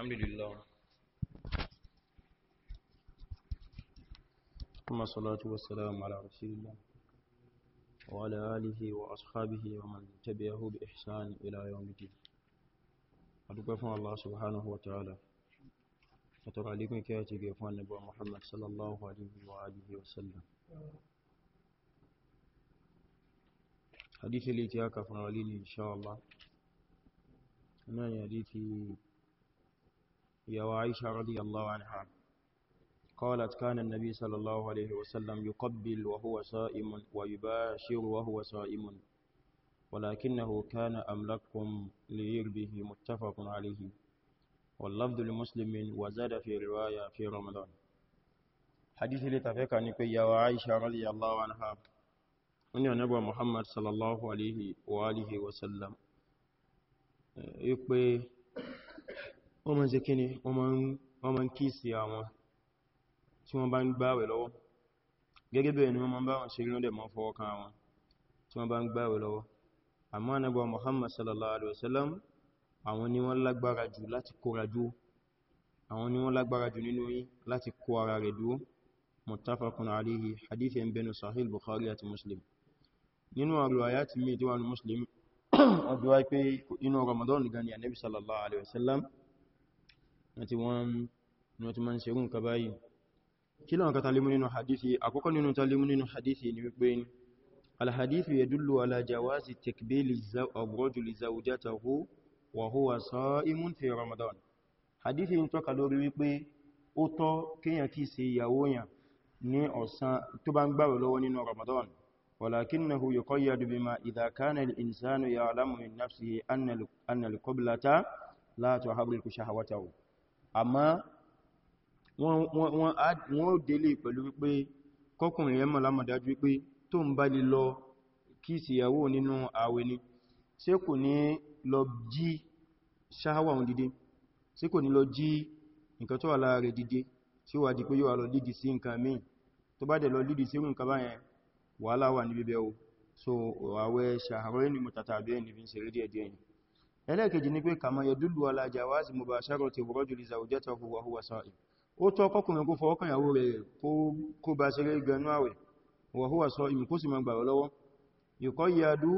الحمد لله ثم الصلاة والسلام على رسول الله وعلى آله وأصحابه ومن تبعه بإحسان إلى يوم الدين أدوكفنا الله سبحانه وتعالى أترى لكم كاتب يفوان نبوة محمد صلى الله عليه وآله وسلم حديث الاتياك فنواليني إن شاء الله أنا يديث هي وعائشة رضي الله عنها قالت كان النبي صلى الله عليه وسلم يقبل وهو صائم ويباشر وهو صائم ولكنه كان أملككم ليربه متفق عليه واللفظ لمسلم وزاد في رواية في رمضان حديث لتفكى عن يا وعائشة رضي الله عنها أن نبوى محمد صلى الله عليه وآله وسلم يقبل إيه wọ́n ma ń ṣe kí ni wọ́n ma ń kí sí àwọn tí wọ́n bá ń gbáwẹ̀ lọ́wọ́ gẹ́gẹ́ bẹ̀rẹ̀ ni wọ́n ma ń bá wọn ṣe rínúdẹ̀ mọ́ fọwọ́ kan wọn tí wọ́n bá ń gbáwẹ̀ lọ́wọ́ àmọ́ Ànábì Muhammad sallallahu alaihi wasallam àwọn ni wọ́n lágbára jù láti kóra dúró àwọn ni wọ́n lágbára jù nínú yín láti kó ara àti wọ́n ni wọ́n ti máa ń ṣe rú nǹkan báyìí kí lọ́nà ka talimu nínú hadithi àkọ́kọ́ nínú talimu nínú hadithi ni wípé alhadithu yadullu ala jawazi takbili ar-rajuli zawjatahu wa huwa sa'imun fi ramadan hadithi ń tọ́ka lórí wípé ó tọ́ kíyàn kí ṣe ìyàwó yàn إذا كان الإنسان يعلم من نفسه أن القبلة لا تحرك شهوته àmá wọ́n ó délé pẹ̀lú wípé kọkùnrin yẹn mọ̀ lámọ̀dájú wípé tó ń bá lè lọ kí ìsìyàwó nínú àwẹ̀ ni ṣé kò ní lọ jí ṣáhàwà òun dìde ṣé kò ní lọ jí nǹkan tó wà lára rẹ̀ dìde tí ó wà di pé yóò lọ lídì sí nǹkan míì tó bá dẹ̀ lọ lídì sí nǹkan báyẹn wàhálà wà ní bíbẹ̀ o so àwẹ̀ ṣàhàrẹ́ ni mo tàtàbí ẹni fi ń ṣe rédíẹ̀ díẹ̀ ni ẹlẹ́ẹ̀kejì ni pé kàmọ̀ yẹ̀dúlù alájàwázì mubasharati rajuli zawjatahu wa huwa sa'im ó tọ́ kọkùnrin kó fọwọ́kàn ìyàwó rẹ̀ kó bá ṣeré gẹnú àwẹ̀ wa huwa sa'im kó sì mọ́ gbàrọ lọ́wọ́ yíkọ́ yàdú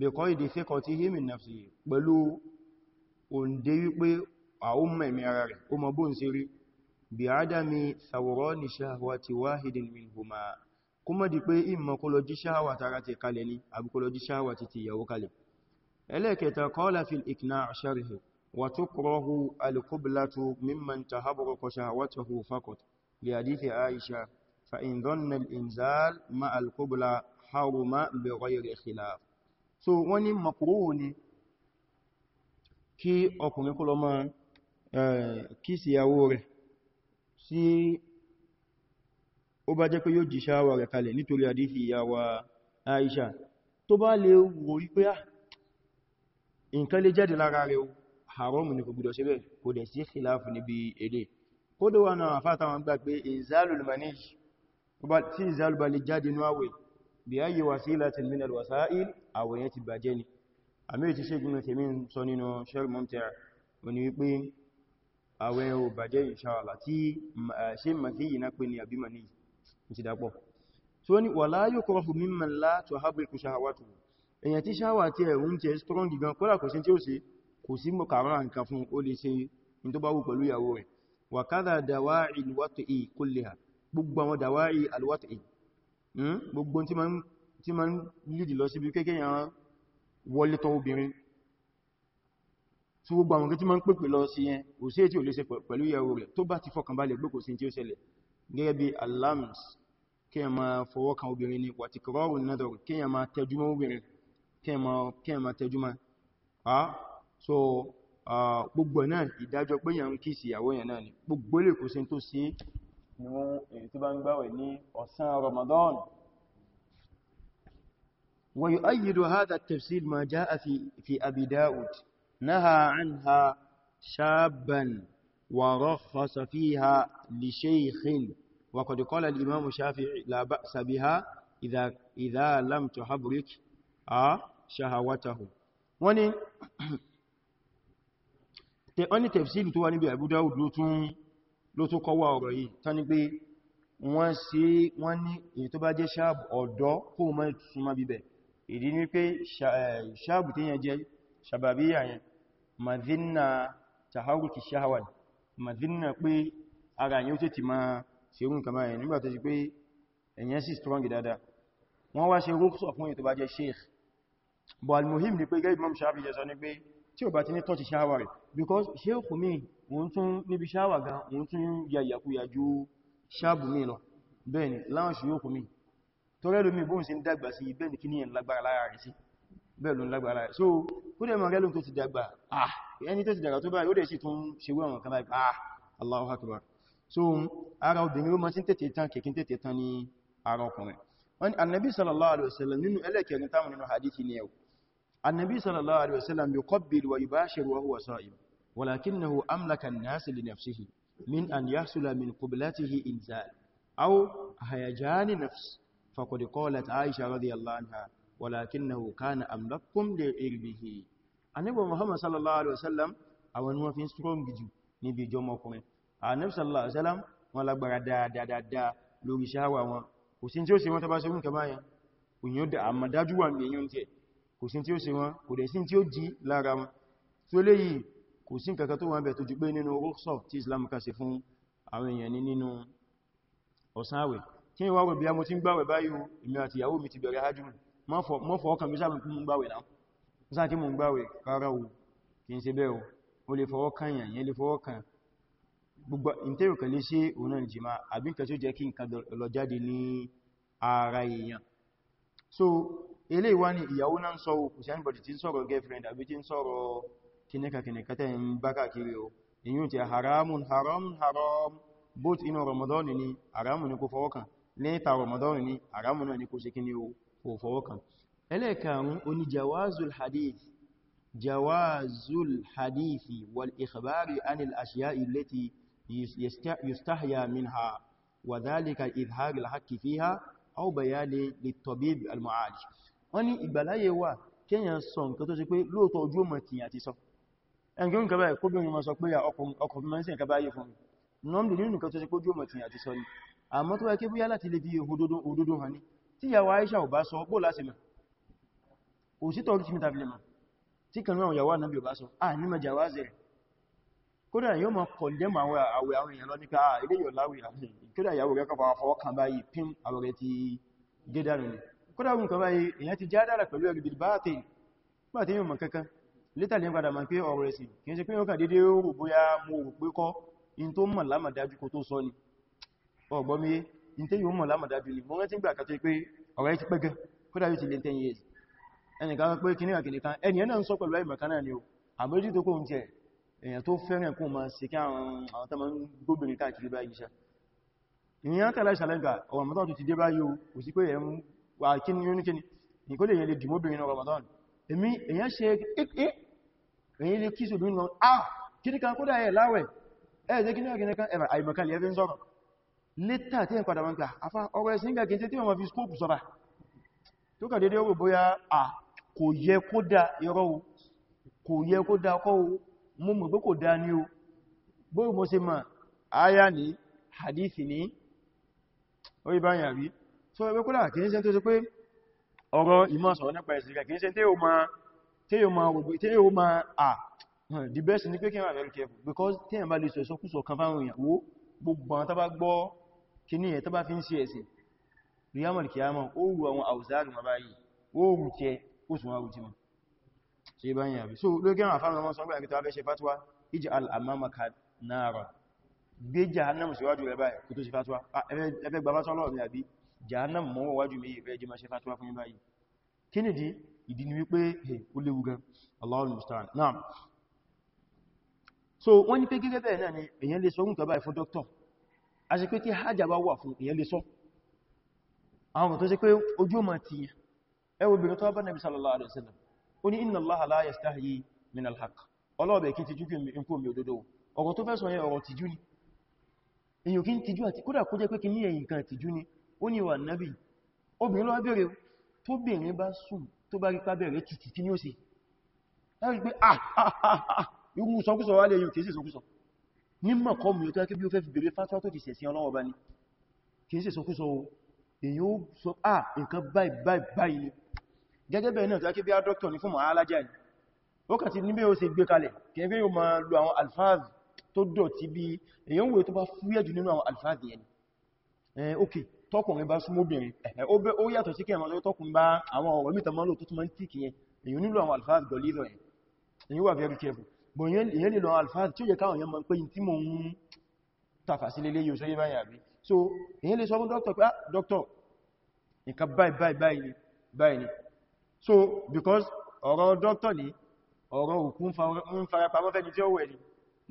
lè kọ́ ìdí fẹ́kọ̀ tí hìmì nafsi pẹ̀lú òǹdé wípé àwọn mẹ̀mí ara rẹ̀ ó mọ bóń sí rí bí ádámi sàwòrọ́ ní ṣáhàwà ti wáhìdìn minhuma kó mọ́ di pé ìmọ̀ kó lọ jí ẹlẹ́kẹta kọ́lá fi ìkìnà ṣarihi wà tó kọrọhu alkublato mimman ta haɓarọkọ ṣàwátahù fakot lè àdífẹ́ aisha fa'in zonnal inzal ma alkubla haruma so wọ́n ní makruhu ni kí ọkùnrin kúlọ ma eh, kí síyàwó rẹ̀ sí ó bá jẹ́ pé yóò jí ṣáwà tó bá lè wò wípé ah nǹkan lè jáde lára rẹ̀ haram ní kò gbọdọ̀ ṣe bẹ́ẹ̀ kò dẹ̀ sí khilafu níbi èdè kó dó wọn àwọn afáta wọn gbà pé inzalul manij tí inzalu bá lè jáde ní àwẹ̀ bí ayé wasilatin min alwasail àwẹ̀ yẹn ti bàjẹ́ ni àmì ti ṣe gúnnà tèmi sọ nínú sharh mumti' òní wípé àwẹ̀ ò èyàn tí ṣáwà tí ẹ̀rùn tí ẹ strong gan kọ́lá kò sí tí ó ṣe kò sí mọ̀ kàrán nǹkan fún ó lè ṣe in tó bá wù pẹ̀lú ìyàwó rẹ̀ wà kádà dàwáì alwati'i kulliha gbogbo àwọn dàwáì alwati'i hmm, gbogbo tí ma ń lìdì lọ síbi kékèyàn wọlé tọ̀ obìnrin tí gbogbo àwọn tí ma ń lọ sí bí alams kí ẹ ma ni wàtíkọrọrùn náà kí ẹ ma obìnrin kí ẹ ma tẹjúmọ́ so gbogbo náà ìdájọ́ pé yàn ń kí sí ìyàwó yàn náà ni gbogbo lè kò sí tó sí ni wọ́n èyí tó bá ń gbáwẹ̀ ní ọ̀sán Ramadan ويؤيد هذا التفسير ما جاء في في أبي داود نهى عنها شابا ورخص فيها لشيخ وقد قال الإمام الشافعي لا بأس بها إذا, إذا لم تحبرك آه shahawatahu wọ́n ní tafsiri tó wà níbi Abu Dawud ló tún kọwà ọ̀rọ̀ yìí tán ní pé wọ́n sí wọ́n ní èyí tó bá jẹ́ ṣáàbù ọ̀dọ́ kó mọ́ súnmọ́ bíbẹ̀ ìdí ní pé ṣáàbù tí yẹn jẹ́ ṣàbàbíyà yẹn madhina taharuki shahawal madhina pé but al-muhim ni pé gẹ́gẹ́ Imam Shafi jẹ́ sọ ní pé tí ò bá ti ní tọ́ọ̀tì ṣáwà rẹ̀ because ṣe òkú mi wọ́n tún níbi ṣáwà gan wọ́n tún ya ìyàkúyà ju ṣáàbù mi lọ bẹ́ẹ̀ ni láwọn ṣe òkú mi tó rẹ́lú mi bóhùn sí ń dàgbà sí bẹ́ẹ̀ ni kí ní lágbára lára rẹ̀ sí bẹ́ẹ̀ ló ń lágbára ah ẹni tó ti dàgbà tó báyìí ó dẹ̀ sì tún ṣe wé àwọn kan ah Allahu Akbar so ara obìnrin ó mọ́ sí tètè tán kèkín tètè tán ní ara wọ́n ni annabi sallallahu alaihi wasallam nínú ẹlẹ́kẹ̀ẹ́rin táwọn nínú hadithi ni yau annabi sallallahu alaihi wasallam yuqabbil wa yubashiru wa huwa sa'im walakinahu amlaka an-nas li nafsihi min an yahsula min qiblatihi inzal aw hayajan nafs faqad qalat aisha radhiyallahu anha walakinahu kana amlakum li irbihi annabi muhammad sallallahu alaihi wasallam àwọn wọ́n fi strong giju ni bi jomo kun annabi sallallahu alaihi wasallam wọ́n lágbára dáadáa lórí shawa wọn kò sí tí ó ṣe wọ́n tó bá ṣe nǹkan báyẹn òyìn ó dá àmàdájú wà ní èyàn tí ẹ̀ kò sí tí ó ṣe wọ́n kò dẹ̀ sí tí ó jí lára wọn tí ó léyìí kò sí nǹkan tó wà bẹ̀ tó jù pé nínú rúksọ tí Islam ká ṣe fún àwọn èèyàn ti ń gbàwẹ̀ báyìí èmi àti ìyàwó mi ti bẹ̀rẹ̀ hajjú mọ́ fọ́ ọkàn mi sáàmù kí mo ń gbàwẹ̀ náà gbogbo ìtẹ́rù kẹlẹ́ sí òun náà jìmá àbí nǹkan tí ó jẹ́ kí nǹkan lọ jáde ní ara èèyàn so ilé ìwá ni ìyàwó náà ń sọ òkú sí anybody tí ń sọ̀rọ̀ girlfriend àbí tí ń sọ̀rọ̀ kìnnìkàkìnnìkàtẹ̀ ń bá káàkiri o èyí tí haramun haramun haram both inú Ramadan ni haramun ni kò fọwọ́ kàn lẹ́ta Ramadan ni haramun náà ni kò sí kí ni kò fọwọ́ kàn ẹlẹ́ẹ̀karùn-ún jawazul hadith jawazul hadithi wal ikhbari anil ashiya illati يستحيا منها وذلك إظهار الحق فيها أو بيان للطبيب المعالج wọ́n ní ìgbàláyé wà kíyàn sọ nǹkan tó ṣe pé lóòtọ́ ojú ọmọ tí àti sọ ẹgbẹ́ nǹkan báyìí kó bírin ma sọ pé ọkùnrin mẹ́sìn nǹkan báyìí fún nọ́mdì nínú nǹkan tó ṣe pé ojú ọmọ tí àti sọ ní àmọ́ tó wáyé bóyá láti lè bí òdodo hàn ní tí yàwó Aisha ò bá sọ bó láti mọ̀ òsítọ̀ orí tí mi tàbí lè mọ̀ tí kan náà yàwó Ànábì ò bá sọ à ní mẹ́jà wá zẹ̀rẹ̀ kódà yóò mọ̀ kọ̀lẹ́mọ̀ àwọn àwẹ̀ àwọn èèyàn lọ ní káà ilé yóò láwẹ̀ àwọn kódà ìyàwó rẹ̀ kọfà fọwọ́ kan báyìí pín àwọn rẹ̀ ti dédàrù ni kódà gùn kan báyìí èèyàn ti já dára pẹ̀lú ẹgbẹ̀ bíbáàtì n yóò mọ̀ kankan lítà ní padà mọ̀ pé ọ̀rọ̀ ẹ̀sìn kì í ṣe pé ó kàn dédé rò bóyá kò èyàn tó fẹ́rẹ̀ kún ma ṣe kí àwọn tọ́mọ̀ ń gbóbìnrin káàkiri báyìí ṣe ìyàn kàlá ìṣàlẹ́gbà ọwọ̀ mọ́tọ́ ti dé báyìí o sí pé èyàn wà kí ní oníkíní nìkó lè yẹn lè dìmóbìnrin ọwọ̀ ah kí ní kan kó dáyẹ láwẹ̀ ẹ̀ jẹ́ kí ní ọ̀gẹ́ni kan ẹ̀rọ àìmọ̀kan lè fi ń sọ̀rọ̀ létà tí ẹ̀ padà wọn gbà afá ọwọ́ ẹ̀sìn gbà kìí tí wọ́n fi skóòpù sọ́ra tó kà dédé kò yẹ kó dá irọ́ kò yẹ kó dá kọ́ mú mọ̀ pé kò dá ní o bóyí mo ṣe ma àyà ní hadithi ní orí bá yà rí so ẹgbẹ́ kúrò kìí ṣe tó ṣe pé ọ̀rọ̀ ìmọ̀ sọ̀rọ̀ nípa ìsìnkà kìí ṣe tí ó ma ni pé kí wà very careful because tí ẹ̀mbá lè sọ ìsọkúsọ kan fáwọn ìyàwó gbogbo àwọn tàbá gbọ́ kí ní ẹ̀ tàbá fi ń ṣe ẹ̀sìn ríyàmọ̀ kìí àmọ̀ àwọn àwùzárì wọn báyìí ó rù kẹ ṣe bá yìn àbí so lókè àwọn afẹ́mọ̀ wọn sọ́gbà ìgbẹ̀ta abẹ́ ṣe fatuwa ìjì al'amamaka náà gbé jahannam síwájú rẹ̀ báyìí kò tó ṣe fatuwa ẹfẹ́ gbà fatuwa lọ́wọ́ mi àbí jahannam mọ́ wájú mi ìfẹ́ jẹ́ ma ṣe fatuwa fún báyìí kí so wọ́n ní pé gẹ́gẹ́ bẹ́ẹ̀ náà ni èyàn lè sọ ń kọba ìfún dókítọ̀ a ṣe pé tí hajjá bá wà fún èyàn lè sọ àwọn tó ṣe bá Nabi sallallahu alaihi wasallam ó ní inna Allaha la yastahyi min al-haqq ọlọ́ọ̀bẹ̀ kí tijú kí n kó mi òdodo ọ̀rọ̀ tó fẹ́ sọ yẹn ọ̀rọ̀ tijú ni èyàn kí n tijú àti kódà kó jẹ́ pé kí ní ẹ̀yìn kan tijú ni ó ní wà nábì obìnrin lọ́wọ́ bèèrè tó bèèrè bá sùn tó bá rí pá bẹ̀rẹ̀ títì kí ní ó sì láti pé ah ah ah, ah gẹ́gẹ́ bẹ̀rẹ̀ náà tó kí bí á dọ́kítọ̀ ní fún mọ̀ alájá ní ó kà ti níbẹ̀ ó ṣe gbé kalẹ̀ kẹfẹ́ yóò máa lo àwọn alfáàz tó dọ̀tí bí èyàn wòye tó bá fúyẹ́ jù nínú àwọn alfáàz yẹn ok tọkùnrin bá súnmọ́bìnrin ó yàtọ̀ sí kẹma tó tọkùnrin bá àwọn ọ̀rọ̀ mìta máa lò tó túnmọ́ tíkì yẹn èyàn nílò àwọn alfáàz gọlízọ̀ yẹn èyàn wà very careful bọ̀ èyàn lè lọ àwọn alfáàz tí báyìí àbí so èyàn lè sọ fún dókítọ̀ pé ah dókítọ̀ nǹkan báyìí báyìí báyìí so because ọ̀rọ̀ doctor ni ọ̀rọ̀ òkú ń farapamọ́ fẹ́ni tí ó wẹ̀ ni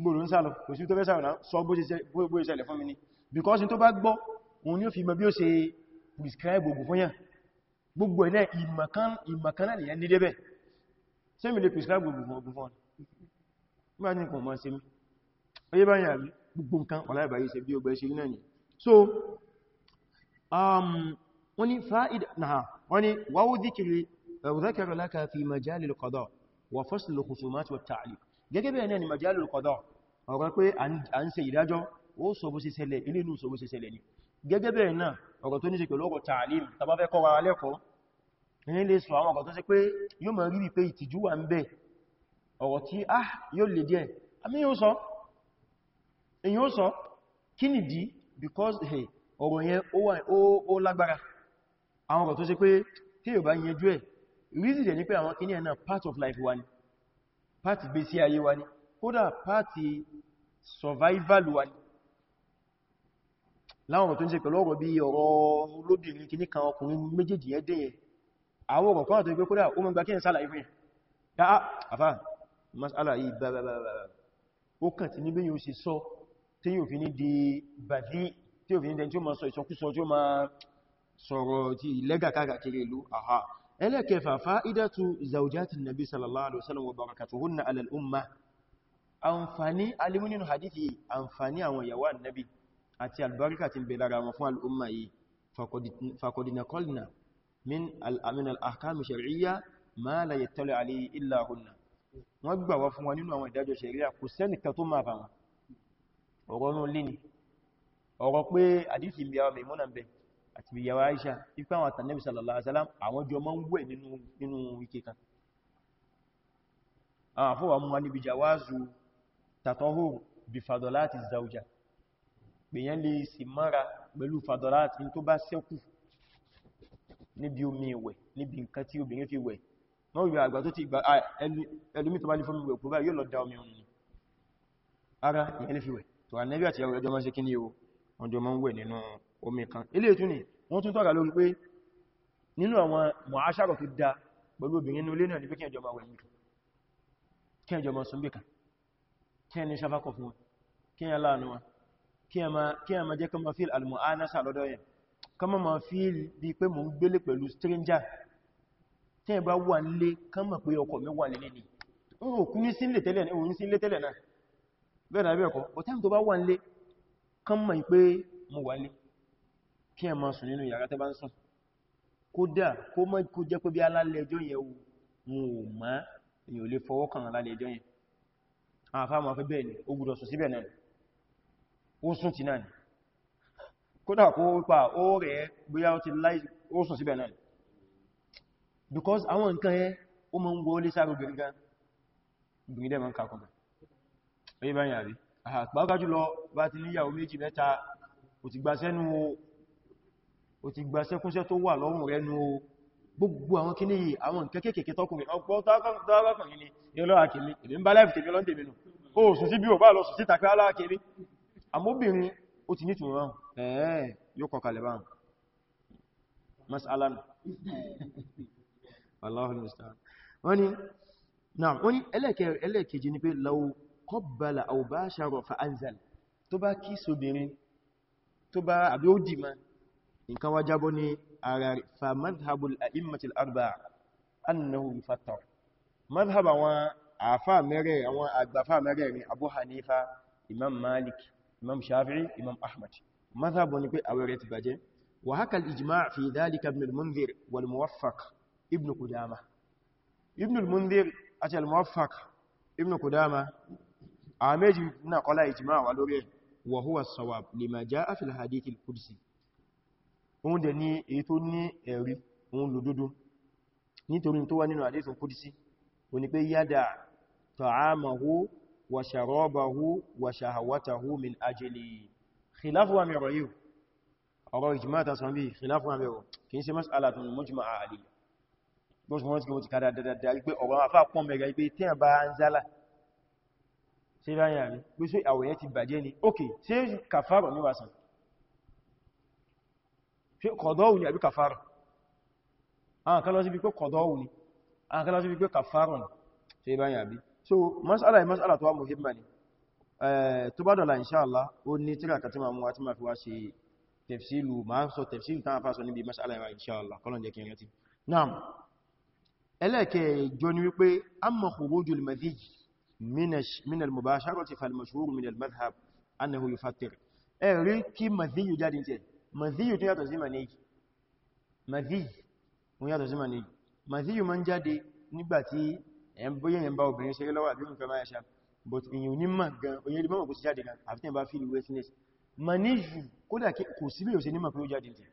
gbòrò ń sálọ kò sí tó fẹ́ sálọ náà sọ bó ṣẹlẹ̀ fún mi ni because in tó bá gbọ́ òun ni ó fi mọ̀ bí ó ṣe prescribe ògùn fún yàn gbogbo ẹ̀ náà ìmọ̀kan náà nìyàn nílé bẹ̀ ṣé mi lè prescribe ògùn fún ọgbùn fún ọ̀nà ní kò mọ́ sí mi oyé bá yà rí gbogbo nǹkan ọ̀lá ìbáyé ṣe bí ó gbẹ́ ṣe náà ni so um, wọ́n ni fa'id náà wọ́n ni wáwó díkiri أو ذكر لك في مجال القضاء وفصل الخصومات والتعليق gẹ́gẹ́ bẹ́ẹ̀ ni مجال القضاء ọ̀rọ̀ pé à ń ṣe ìdájọ́ ó sọ̀bọ̀ sí ṣẹlẹ̀ ilé inú sọ̀bọ̀ sí ṣẹlẹ̀ ni gẹ́gẹ́ bẹ́ẹ̀ náà ọ̀rọ̀ tó ní ṣe pẹ̀lú ọ̀rọ̀ tààlìm tàbá fẹ́ kọ́ ara lẹ́kọ̀ọ́ ní lè sọ àwọn ọ̀rọ̀ tó ṣe pé yóò mọ̀ rí pé ìtìjú wà ń bẹ ọ̀rọ̀ tí á ah, yóò lè reason jẹ́ ní pé àwọn kìíní ẹ̀nà part of life wa ni part gbésí ayé wa ni kódà part survival wa ni láwọn ọ̀rọ̀ tó ń ṣe pẹ̀lú ọ̀rọ̀ bí ọ̀rọ̀ olóbìnrin kìíní kan ọkùnrin méjèèjì ẹ́dẹ̀yẹ àwọn ọ̀rọ̀ kan tó ń pé kódà ó mọ́ gbá kí ẹ̀ sálà ìfẹ́ yá àfá masala yìí bàbàbàbà ó kàn ti níbí yóò ṣe sọ tí yóò fi ní di bàdí tí yóò fi ní dẹni tí ó ma sọ ìsọkúsọ tí ó ma sọ̀rọ̀ ti lẹ́gà káàkiri ìlú àhá ẹlẹ́kẹfà fa'idatu zaujatin nabi sallallahu alaihi wasallam wa barakatuhunna ala al-umma àǹfààní alimuninu hadithi àǹfààní àwọn yawa nabi àti albarka tin bẹ lára wọn fún al'umma yìí fakodina kolina min al'amin al'akami shari'iyya ma la yattali alayhi illa hunna wọ́n gbà wá fún wa nínú àwọn ìdájọ́ shari'a kò sẹ́ni ka àti bí yàwó Aisha ipá àwọn àtànẹ́bì sallallahu alaihi wasallam àwọn jọ mọ́ ń wẹ̀ nínú ike kan àwọn àfọwà mú wa níbi jawazu tatọ́hù bí fadolati zauja pèyàn lè sì mara pẹ̀lú fadolati tó bá sẹ́kù níbi omi ìwẹ̀ níbi nǹkan tí obìnrin fi wẹ̀ wọ́n yọ àgbà tó ti omi kan ilé ìtún ni wọ́n tún tọ́ka lórí pé nínú àwọn mọ̀áṣàrọ̀ tó dá pẹ̀lú obìnrin inú ilé náà ní pé kí ẹjọba wẹ̀yìn kan kí ẹjọba súnbẹ̀ kan kí ẹni sáfákọ̀ fún wọn kí ẹ láàánú wọn kí ẹ ma jẹ́ kọ́ ma fíl almu'anasa lọ́dọ̀ yẹn kọ́ ma ma fíl bí pé mo ń gbélé pẹ̀lú stranger tí ẹ bá wà nílé kọ́ mọ̀ pé ọkọ mi wà nílé ni ó kú ní sílé tẹ́lẹ̀ náà òun sílé tẹ́lẹ̀ náà bẹ́ẹ̀ náà bẹ́ẹ̀ kọ́ bọ̀ tẹ́m tó bá wà nílé kọ́ mọ̀ pé mo wà nílé kí ẹ máa sùn nínú yàrá tẹ́ bá ń sùn kódà kó mọ́ kó jẹ́ pé bí alálẹ́jọ́ yẹn wù ò má èyàn lè fọwọ́ kàn alálẹ́jọ́ yẹn àfá ma fẹ́ bẹ́ẹ̀ ni ó gbọ́dọ̀ sùn síbẹ̀ náà ó sùn síbẹ̀ náà because àwọn nǹkan yẹn ó mọ́ ń gbọ́ lé sáré obìnrin o ti gba sẹ́kúnṣẹ́ tó wà lọ́rùn rẹ̀ nú o gbogbo àwọn kíní yìí àwọn nǹkan kéèkèé tọkùnrin ọgbọ́ tọ́rọkùnrin ni ìrọlọ́ àkìlì èdè ń bá láìfì tèmi lọ́ndẹ̀ mìnú o sùn sí bí o bá lọ sùn sí tàkí aláàkiri àmóbìnrin ó ti nítù rán ẹ̀ẹ́ yóò kọkàlẹ̀ bá masalana wọ́n ni ẹlẹ́ẹ̀kejì ni pé law qabbala aw bashara fa anzal tó bá kí sobìnrin tó bá àbí ó dì máa nǹkan wá jábọ́ ní ara rẹ̀ fa madhhabul a'immatil arba'a annahu yufattar madhhab àwọn àfà mẹ́rẹ̀ àwọn àgbàfà mẹ́rẹ̀ ni abu hanifa imam malik imam shafi'i imam ahmad madhhab ni pé àwẹ̀ rẹ̀ ti bàjẹ́ wa haka al-ijma' fi dhalika ibn al-munzir wal muwaffaq ibn qudama ibn al-munzir àti al-muwaffaq ibn qudama a méjì náà ijma' wà lórí wa huwa as-sawab lima ja'a fil hadith al-qudsi òun dẹ̀ ní èyí tó ní ẹ̀rí òun lòdodo nítorí tó wá nínú àdífò kúdísí o ní pé yádà ta'amahu wa sharabahu wa shahawatahu min ajili khilafu wa mẹ́rọ yíò ọ̀rọ̀ ìjìmá ta sọ bí khilafu wa mẹ́rọ kìí ṣe mas'ala tún mujma a aliyya bó ṣe mọ́sí kí mo ti kàdà dáadáa wípé ọ̀rọ̀ afá pọ̀ ṣe kọ̀dọ́wù ni àbí kàfàrà àwọn kan lọ sí fi pé kọ̀dọ́wù ni àwọn kan lọ sí fi pé kàfàrà ni ṣe báyìí àbí so masala yìí masala tó wá muhimma ni eh, tó bá dọ̀la inṣáàlá ó ní tíra kàtí ma mú wá tí ma fi wá ṣe tefsilu ma sọ tefsilu tán àfáà sọ níbi masala yìí inṣáàlá kọlọ̀ jẹ́ kìnrin ti naam ẹlẹ́kẹ̀ẹ́jọ ni wípé amma khurujul madhij min al-mubasharati fal mashhur mazíyù tó yàtọ̀ sí manéjì mazíyù wọ́n yàtọ̀ sí manéjì mazíyù ma ń jáde nígbàtí ẹ̀yàn bóyẹ̀ yẹn bá obìnrin ṣeré lọ́wọ́ àbí nǹkan máa ṣá but èyàn ò ní mà gan oye lè mọ́mọ̀ kó sí jáde gan àfi tẹ́ bá feel wetness manéjì kódà kò sí bèèrè sí ní mà pé ó jáde tẹ̀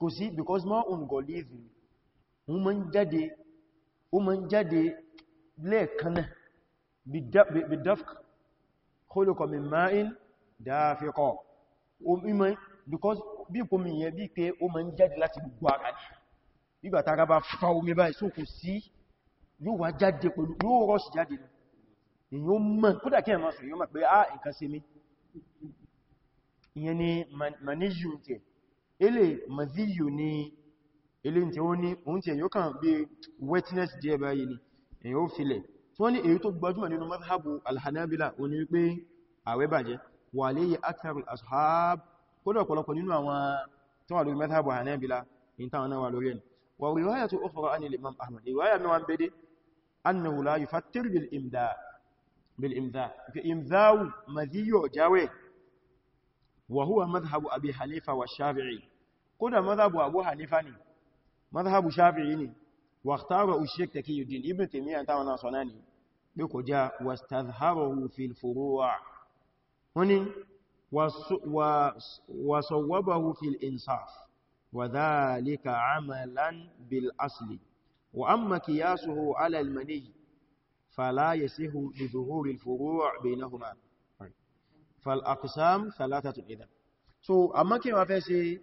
kò sí because more on goliath ma because bí kò mi yẹn bí pé ó ma ń jáde láti gbogbo ara ní nígbà tara bá fa omi báyìí so kò sí yóò wá jáde pẹ̀lú yóò rọ́ọ̀ṣì jáde ní èyí ó mọ̀ kódà kí ẹ̀mọ́ sọ èyí ó mọ̀ pé á ah, nǹkan ṣe mí ìyẹn ni maniyu tẹ ele maziyu ni ele tẹ ó ní òun tẹ yóò kàn bí wetness díẹ̀ báyìí ni èyí ó filẹ̀ tí wọ́n ní èyí tó gbajúmọ̀ nínú mazhabu alhanabila ó ní wípé àwẹ̀ bàjẹ́ wà léyìí akthar ashab kódọ̀ ọ̀pọ̀lọpọ̀ nínú àwọn tó wà lórí madhhabu hanabila in táwọn náà wà lórí ẹni wa riwayatu ríwáyà an al ánì ahmad riwaya mi wọn bede annahu annàwòlá yìí bil imda bil ni وصوبه في الإنصاف وذلك عملا بالأصل وأما كياسه على المني فلا يسه لظهور الفروع بينهما فالأقسام ثلاثة إذا so أما كما فيسي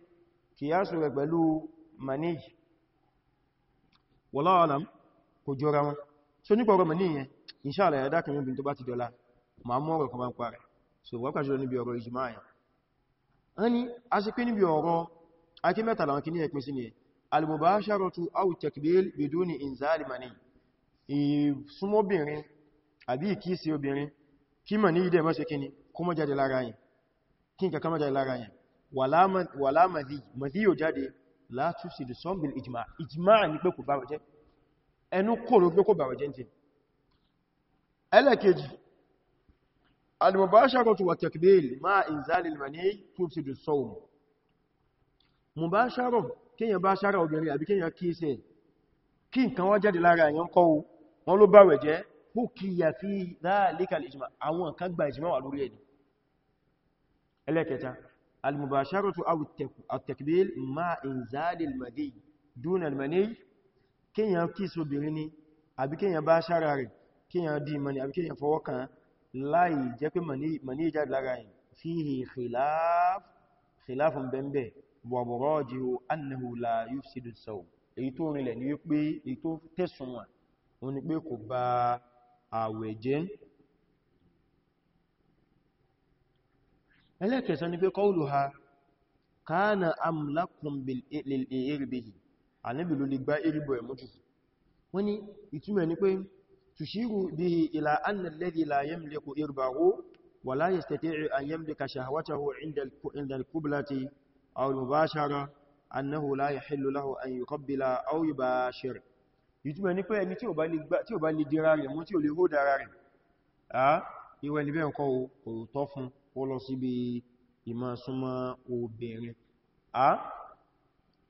كياسه يقبلو مني والله أعلم كجورا so nípa ọ̀rọ̀ mọ̀ níyẹn inṣáàlá ẹ̀dá kan yóò bí tó bá ti so wọ́pàá jùlọ níbi ọ̀rọ̀ ìjìmá ẹ̀ wọ́n ni a ṣe pé níbi ọ̀rọ̀ akí mẹ́ta láwọn kìíní ẹ̀pín sí ni al-mubasharatu biduni inzali mani ìsúnmọ́bìnrin àbí ìkísí obìnrin kí mọ̀ ní ìdẹ̀ mọ́ ṣe kíní kó mọ́ jáde lára yẹn kí nǹkan mọ́ jáde la tufsid sọ́mbil ìjìmá ìjìmá ní pé kò bàwẹ̀jẹ́ ẹnu kò ló pé kò bàwẹ̀jẹ́ ẹlẹ́kejì المباشرة والتكبيل مع إنزال المني تفسد الصوم مباشرة كين يباشرة وبيني أبي كين يكيسي كين كان وجد لارا ينقو wọ́n ló báwẹ̀ jẹ́ hukiya fi dhalika al-ijma àwọn kan gba ìjìmá wà lórí ẹni ẹlẹ́kẹta al-mubasharatu aw at-takbil ma inzali al-madi duna al-mani kíyàn kí sóbìnrin ni àbí kíyàn bá ṣára rẹ̀ kíyàn dì mani àbí kíyàn fọwọ́kàn láì jẹ́ pé mani jáde lára yìí fihi khilafun bẹ́m̀bẹ̀ wa murajihu annahu la yufsidu as-sawm èyí tó rinlẹ̀ ní wípé èyí tó tẹ̀sùn wọn wọn ni pé kò bà àwẹ̀ jẹ́ ẹlẹ́kẹ̀ẹ́sán ni pé qawluha kana amlakum lil-irbihi àníbìlú wọ́n ni ìtumọ̀ ni pé تشير به إلى أن الذي لا يملك إربعه ولا يستطيع أن يملك شهوته عند الكبلة أو المباشرة أنه لا يحل له أن يقبل أو يباشر يتبع نكوى أني tí ó bá lè dira rẹ̀ mú tí ó lè hó dára rẹ̀ àá ìwẹ̀ níbẹ̀ ǹkan kò tọ́ fún ó lọ síbi ìmọ̀ súnmọ́ obìnrin àá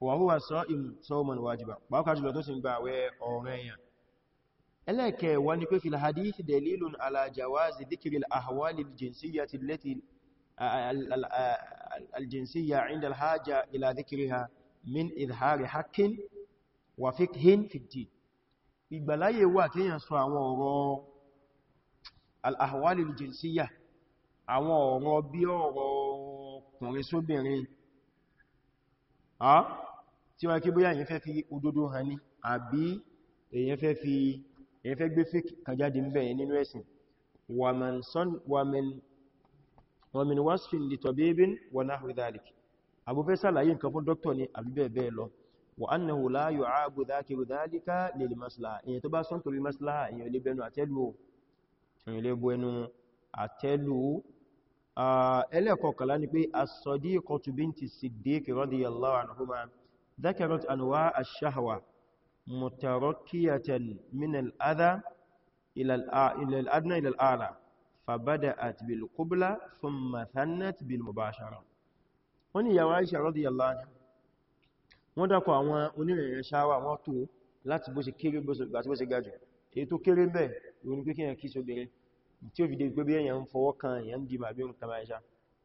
wà húwà sọ́ ìmú sọ́ọ̀mọ̀ níwájúbà pàápàá jùlọ tó sì ń gba àwẹ̀ ọ̀rẹ́yàn ẹlẹ́kẹ̀ẹ́wà ni pé fi hadith dalilun ala jawazi dhikri al-ahwali al-jinsiyya allati al-jinsiyya 'inda al-haja ila dhikriha min idhari haqqin wa fiqhin fi ad-din ìgbàláyé wà kíyàn sọ àwọn ọ̀rọ̀ al-ahwali al-jinsiyya àwọn ọ̀rọ̀ bí ọ̀rọ̀ ọkùnrin sóbìnrin tí wọ́n kí bóyá fi òdodo hàn ní àbí èyàn fi èyí fẹ́ gbé fíkì kan jáde ń bẹ̀yẹ nínú ẹ̀sìn wa min wasfin li tabibin wa nahwi dhalik abu fẹ́ sàlàyé nǹkan fún dókítọ̀ ni àbí bẹ́ẹ̀ bẹ́ẹ̀ lọ wa annahu la yu'abu dhakiru dhalika lil maslaha èyí tó bá sọ́n torí maslaha èyí lè bẹnu àtẹ́lù èyí lè bẹnu متركية من الأذى إلى الأدنى إلى الأعلى فبدأت بالقبلة ثم ثنت بالمباشرة wọ́n ní ìyàwó Aisha radiyallahu wọ́n dákọ̀ àwọn onírìnrìn ṣáwà wọ́n tó láti bó ṣe kéré bó ṣe gajù èyí tó kéré mẹ́ ìwọ̀n pé kíyàn kí sóbìnrin tí ó fi gbé bí èyàn ń fọwọ́ kan èyàn dìmà bí ó ń kama Aisha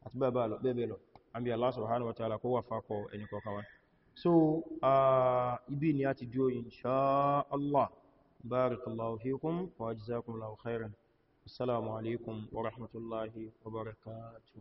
àti bàbá bẹ́ẹ̀ lọ so ibi ni a ti dúró insha Allah barakallahu fikum wa jazakumullahu khairan assalamu alaikum wa rahmatullahi wa barakatuh